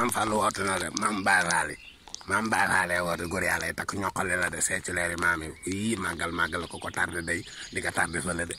maam Fallou woote na de maam Baye Rali maam Baye Rali woote góor yàlla yi takk ñoqale de seet ci leeri yii màggal màggal ko ko tardé day di nga tardé fële de.